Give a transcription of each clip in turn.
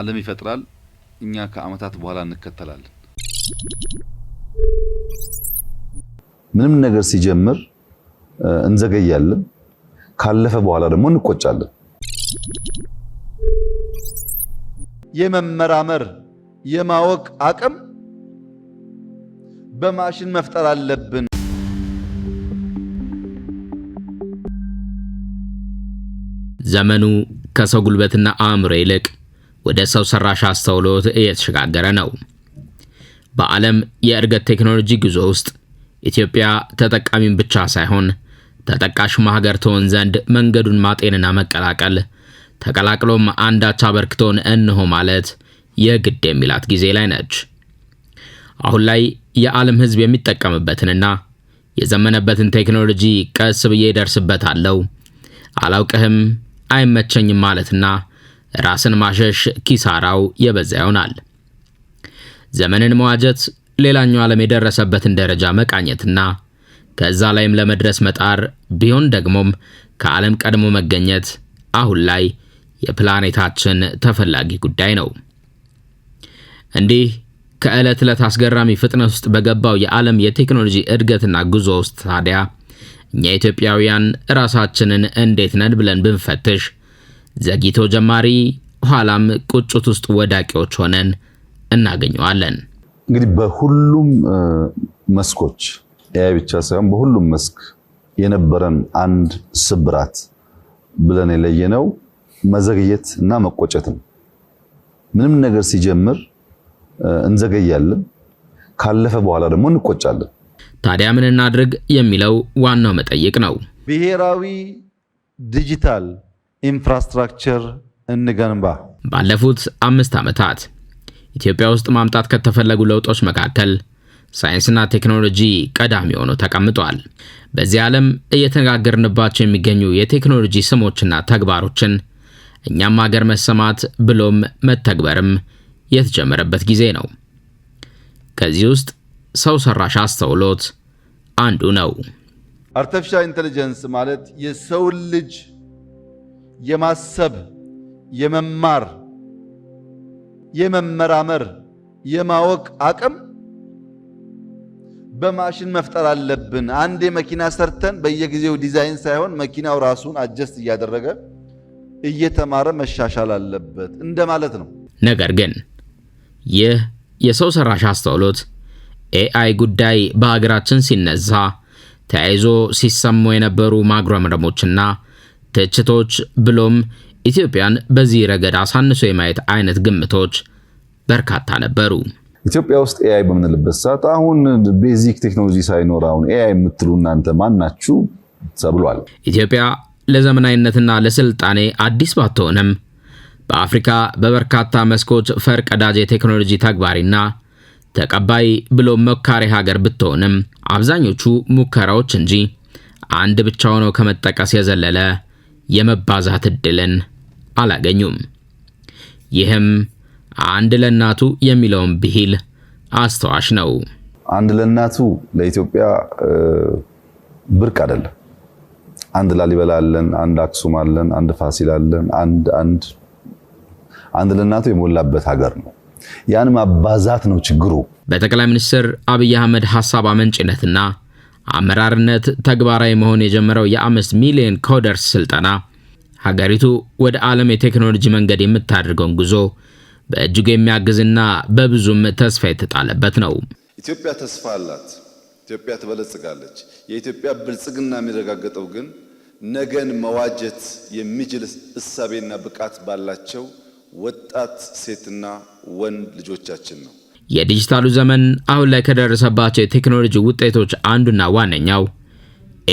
ዓለም ይፈጥራል፣ እኛ ከዓመታት በኋላ እንከተላለን። ምንም ነገር ሲጀምር እንዘገያለን፣ ካለፈ በኋላ ደግሞ እንቆጫለን። የመመራመር የማወቅ አቅም በማሽን መፍጠር አለብን። ዘመኑ ከሰው ጉልበትና አእምሮ ይልቅ ወደ ሰው ሰራሽ አስተውሎት እየተሸጋገረ ነው። በዓለም የእድገት ቴክኖሎጂ ጉዞ ውስጥ ኢትዮጵያ ተጠቃሚም ብቻ ሳይሆን ተጠቃሽ ሀገር ትሆን ዘንድ መንገዱን ማጤንና መቀላቀል ተቀላቅሎም አንዳች አበርክቶን እንሆ ማለት የግድ የሚላት ጊዜ ላይ ነች። አሁን ላይ የዓለም ሕዝብ የሚጠቀምበትንና የዘመነበትን ቴክኖሎጂ ቀስ ብዬ ደርስበታለሁ አላውቅህም አይመቸኝም ማለትና ራስን ማሸሽ ኪሳራው የበዛ ይሆናል። ዘመንን መዋጀት ሌላኛው ዓለም የደረሰበትን ደረጃ መቃኘትና ከዛ ላይም ለመድረስ መጣር ቢሆን ደግሞም ከዓለም ቀድሞ መገኘት አሁን ላይ የፕላኔታችን ተፈላጊ ጉዳይ ነው። እንዲህ ከዕለት ዕለት አስገራሚ ፍጥነት ውስጥ በገባው የዓለም የቴክኖሎጂ እድገትና ጉዞ ውስጥ ታዲያ እኛ ኢትዮጵያውያን ራሳችንን እንዴት ነን ብለን ብንፈትሽ ዘግይቶ ጀማሪ ኋላም ቁጭት ውስጥ ወዳቂዎች ሆነን እናገኘዋለን። እንግዲህ በሁሉም መስኮች ያ ብቻ ሳይሆን በሁሉም መስክ የነበረን አንድ ስብራት ብለን የለየነው መዘግየት እና መቆጨት ነው። ምንም ነገር ሲጀምር እንዘገያለን፣ ካለፈ በኋላ ደግሞ እንቆጫለን። ታዲያ ምን እናድርግ የሚለው ዋናው መጠይቅ ነው። ብሔራዊ ዲጂታል ኢንፍራስትራክቸር እንገንባ። ባለፉት አምስት ዓመታት ኢትዮጵያ ውስጥ ማምጣት ከተፈለጉ ለውጦች መካከል ሳይንስና ቴክኖሎጂ ቀዳሚ ሆኖ ተቀምጧል። በዚህ ዓለም እየተነጋገርንባቸው የሚገኙ የቴክኖሎጂ ስሞችና ተግባሮችን እኛም ሀገር መሰማት ብሎም መተግበርም የተጀመረበት ጊዜ ነው። ከዚህ ውስጥ ሰው ሰራሽ አስተውሎት አንዱ ነው። አርቲፊሻል ኢንተለጀንስ ማለት የሰውን ልጅ የማሰብ፣ የመማር፣ የመመራመር፣ የማወቅ አቅም በማሽን መፍጠር አለብን። አንድ መኪና ሰርተን በየጊዜው ዲዛይን ሳይሆን መኪናው ራሱን አጀስት እያደረገ እየተማረ መሻሻል አለበት እንደማለት ነው። ነገር ግን ይህ የሰው ሰራሽ አስተውሎት ኤአይ ጉዳይ በሀገራችን ሲነሳ ተያይዞ ሲሰሙ የነበሩ ማጉረምረሞችና ትችቶች ብሎም ኢትዮጵያን በዚህ ረገድ አሳንሶ የማየት አይነት ግምቶች በርካታ ነበሩ። ኢትዮጵያ ውስጥ ኤአይ በምንልበት ሰዓት አሁን ቤዚክ ቴክኖሎጂ ሳይኖር አሁን ኤአይ የምትሉ እናንተ ማን ናችሁ ተብሏል። ኢትዮጵያ ለዘመናዊነትና ለስልጣኔ አዲስ ባትሆንም በአፍሪካ በበርካታ መስኮች ፈርቀዳጅ የቴክኖሎጂ ተግባሪና ተቀባይ ብሎ መካሪ ሀገር ብትሆንም አብዛኞቹ ሙከራዎች እንጂ አንድ ብቻ ሆነው ከመጠቀስ የዘለለ የመባዛት እድልን አላገኙም። ይህም አንድ ለእናቱ የሚለውን ብሂል አስተዋሽ ነው። አንድ ለእናቱ ለኢትዮጵያ ብርቅ አይደለም። አንድ ላሊበላ አለን፣ አንድ አክሱም አለን፣ አንድ ፋሲል አለን። አንድ አንድ አንድ ለእናቱ የሞላበት ሀገር ነው። ያን ማባዛት ነው ችግሩ። በጠቅላይ ሚኒስትር አብይ አህመድ ሀሳብ አመንጭነትና አመራርነት ተግባራዊ መሆን የጀመረው የአምስት ሚሊዮን ኮደርስ ስልጠና ሀገሪቱ ወደ ዓለም የቴክኖሎጂ መንገድ የምታደርገውን ጉዞ በእጅጉ የሚያግዝና በብዙም ተስፋ የተጣለበት ነው። ኢትዮጵያ ተስፋ አላት። ኢትዮጵያ ትበለጽጋለች። የኢትዮጵያ ብልጽግና የሚረጋገጠው ግን ነገን መዋጀት የሚችል እሳቤና ብቃት ባላቸው ወጣት ሴትና ወንድ ልጆቻችን ነው። የዲጂታሉ ዘመን አሁን ላይ ከደረሰባቸው የቴክኖሎጂ ውጤቶች አንዱና ዋነኛው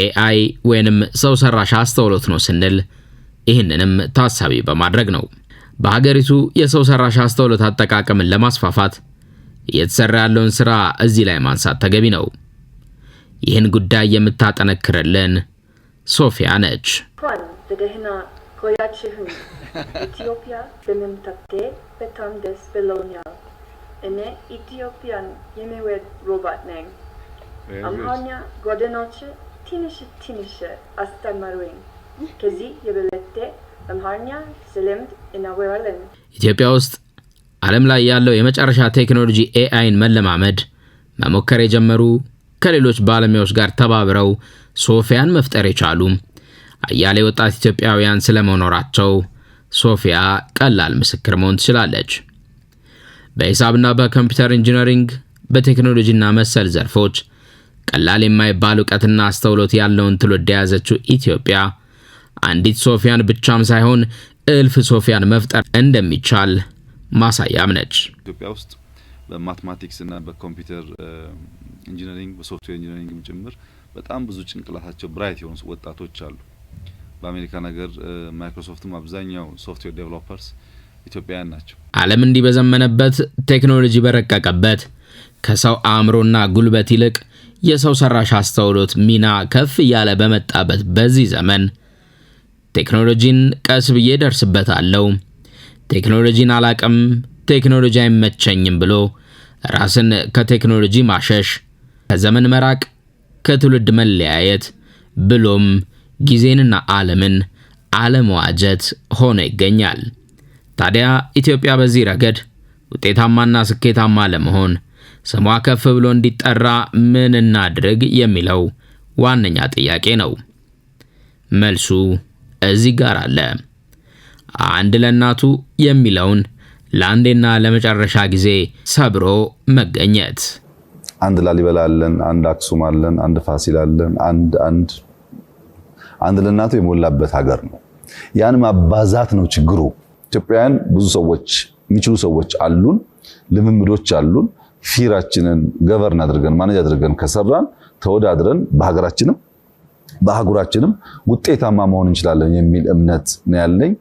ኤአይ ወይንም ሰው ሰራሽ አስተውሎት ነው ስንል ይህንንም ታሳቢ በማድረግ ነው። በሀገሪቱ የሰው ሰራሽ አስተውሎት አጠቃቀምን ለማስፋፋት እየተሰራ ያለውን ስራ እዚህ ላይ ማንሳት ተገቢ ነው። ይህን ጉዳይ የምታጠነክርልን ሶፊያ ነች። ቆያችሁ። ኢትዮጵያ በመምጣቴ በጣም ደስ ብሎኛል። እኔ ኢትዮጵያን የሚወድ ሮባት ነኝ። አምሃኛ ጓደኞች ትንሽ ትንሽ አስተማሩኝ። ከዚህ የበለጠ አምሃኛ ስለምድ እናወራለን። ኢትዮጵያ ውስጥ ዓለም ላይ ያለው የመጨረሻ ቴክኖሎጂ ኤአይን መለማመድ መሞከር የጀመሩ ከሌሎች ባለሙያዎች ጋር ተባብረው ሶፊያን መፍጠር የቻሉም አያሌ ወጣት ኢትዮጵያውያን ስለመኖራቸው ሶፊያ ቀላል ምስክር መሆን ትችላለች። በሂሳብና በኮምፒውተር ኢንጂነሪንግ፣ በቴክኖሎጂና መሰል ዘርፎች ቀላል የማይባል እውቀትና አስተውሎት ያለውን ትውልድ የያዘችው ኢትዮጵያ አንዲት ሶፊያን ብቻም ሳይሆን እልፍ ሶፊያን መፍጠር እንደሚቻል ማሳያም ነች። ኢትዮጵያ ውስጥ በማትማቲክስ እና በኮምፒውተር ኢንጂነሪንግ፣ በሶፍትዌር ኢንጂነሪንግም ጭምር በጣም ብዙ ጭንቅላታቸው ብራይት የሆኑ ወጣቶች አሉ። በአሜሪካ ነገር ማይክሮሶፍትም አብዛኛው ሶፍትዌር ዴቨሎፐርስ ኢትዮጵያውያን ናቸው። ዓለም እንዲህ በዘመነበት ቴክኖሎጂ በረቀቀበት ከሰው አእምሮና ጉልበት ይልቅ የሰው ሰራሽ አስተውሎት ሚና ከፍ እያለ በመጣበት በዚህ ዘመን ቴክኖሎጂን ቀስ ብዬ ደርስበታለሁ፣ ቴክኖሎጂን አላቅም፣ ቴክኖሎጂ አይመቸኝም ብሎ ራስን ከቴክኖሎጂ ማሸሽ፣ ከዘመን መራቅ፣ ከትውልድ መለያየት ብሎም ጊዜንና ዓለምን አለመዋጀት ሆኖ ይገኛል። ታዲያ ኢትዮጵያ በዚህ ረገድ ውጤታማና ስኬታማ ለመሆን ስሟ ከፍ ብሎ እንዲጠራ ምን እናድርግ የሚለው ዋነኛ ጥያቄ ነው። መልሱ እዚህ ጋር አለ። አንድ ለእናቱ የሚለውን ለአንዴና ለመጨረሻ ጊዜ ሰብሮ መገኘት። አንድ ላሊበላ አለን፣ አንድ አክሱም አለን፣ አንድ ፋሲል አለን፣ አንድ አንድ አንድ ለእናቱ የሞላበት ሀገር ነው። ያን ማባዛት ነው ችግሩ። ኢትዮጵያውያን ብዙ ሰዎች የሚችሉ ሰዎች አሉን፣ ልምምዶች አሉን። ፊራችንን ገቨርን አድርገን ማኔጅ አድርገን ከሰራን ተወዳድረን በሀገራችንም በአህጉራችንም ውጤታማ መሆን እንችላለን የሚል እምነት ነው ያለኝ።